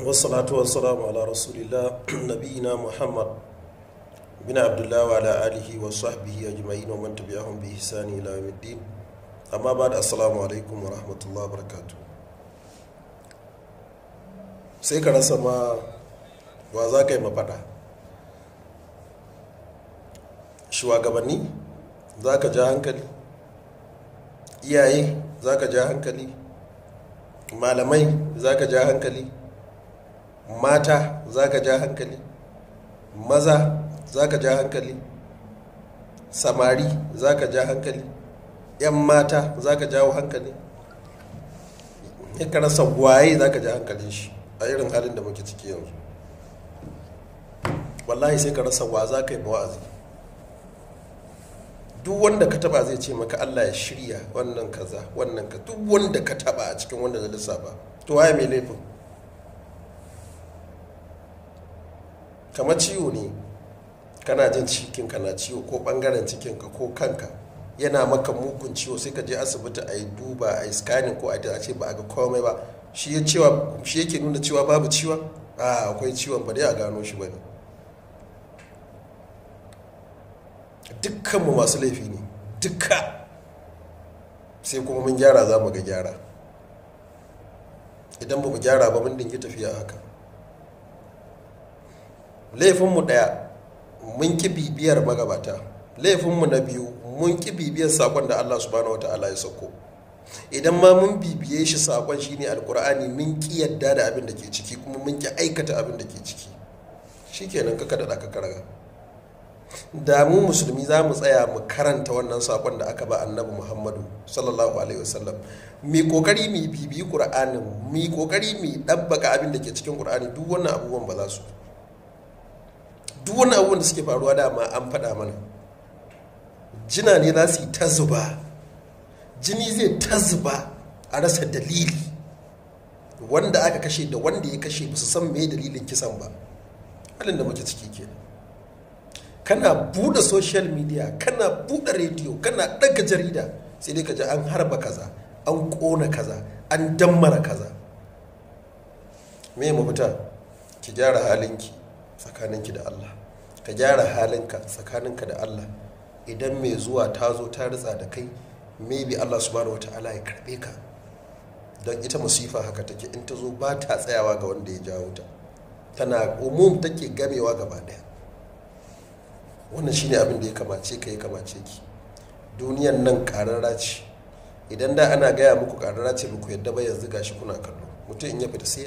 wasalatu wasalamu ala rasulillah nabiyina muhammad bin abdullahi wa ala alihi wa sahbihi ajma'in wa man tabi'ahum bi ihsani ila yawmiddin amma ba'd assalamu alaikum wa rahmatullahi wa barakatuh sai ka rasa ma wa za ka yi mafaɗa shugabanni za ka ja hankali iyaye za ka ja hankali malamai za ka ja hankali mata za ka ja hankali maza za ka ja hankali samari za ka ja hankali 'yan mata za ka jawo hankali ya karasa waye za ka ja hankalin shi a irin halin da muke ciki yanzu wallahi sai ka rasa wa za ka yi wa'azi duk wanda ka taba zai ce maka allah ya shirya wannan kaza wannan ka duk wanda ka taba a cikin wanda na lissafa to waye mai laifin kamar ciwo ne kana jin cikin kana ciwo ko bangaren cikin ka ko kanka yana maka mugun ciwo sai ka je asibiti a yi duba a yi scanning ko a yi ce ba a ga komai ba shi yake nuna cewa babu ciwon a akwai ciwon ba dai a gano shi ba ne dukkanmu masu laifi ne dukka sai kuma mun gyara za mu ga gyara idan ba mu gyara ba mun dingi tafiya haka laifinmu ɗaya mun ki bibiyar magabata laifinmu na biyu mun ki bibiyar sakon da allah subhanahu ta'ala ya sauko idan ma mun bibiye shi sakon shine alkur'ani mun ki yadda da abin da ke ciki kuma mun ki aikata abin da ke ciki shi shikenan ka kada ka karaga da mu musulmi za mu tsaya mu karanta wannan sakon da aka ba annabi muhammadu sallallahu alaihi wasallam mi kokari mi bibi qur'anin mi kokari mi dabbaka abin da ke cikin qur'ani duk wannan abubuwan ba za su duk wani abubuwan da suke faruwa da ma an faɗa mana jina ne za su yi ta zuba jini zai ta zuba a rasa dalili wanda aka kashe da wanda ya kashe ba su san me dalilin kisan ba halin da muke ciki ke kana buɗe social media kana buɗe rediyo kana ɗaga jarida sai dai ka ji an harba kaza an ƙona kaza an dammara kaza me mafita ki gyara halinki tsakaninki da allah ka gyara halinka tsakaninka da allah idan mai zuwa ta zo ta ritsa da kai maybe allah subhanahu wata'ala ya karbe ka don ita musifa haka take in ta zo ba ta tsayawa ga wanda ya jawo ta tana umum take gamewa gaba daya wannan shine abin da ya kamace ka ya kamace ki duniyan nan karara ce idan da ana gaya muku karara ce muku yadda ba yanzu gashi kuna kallo mutum in ya fita sai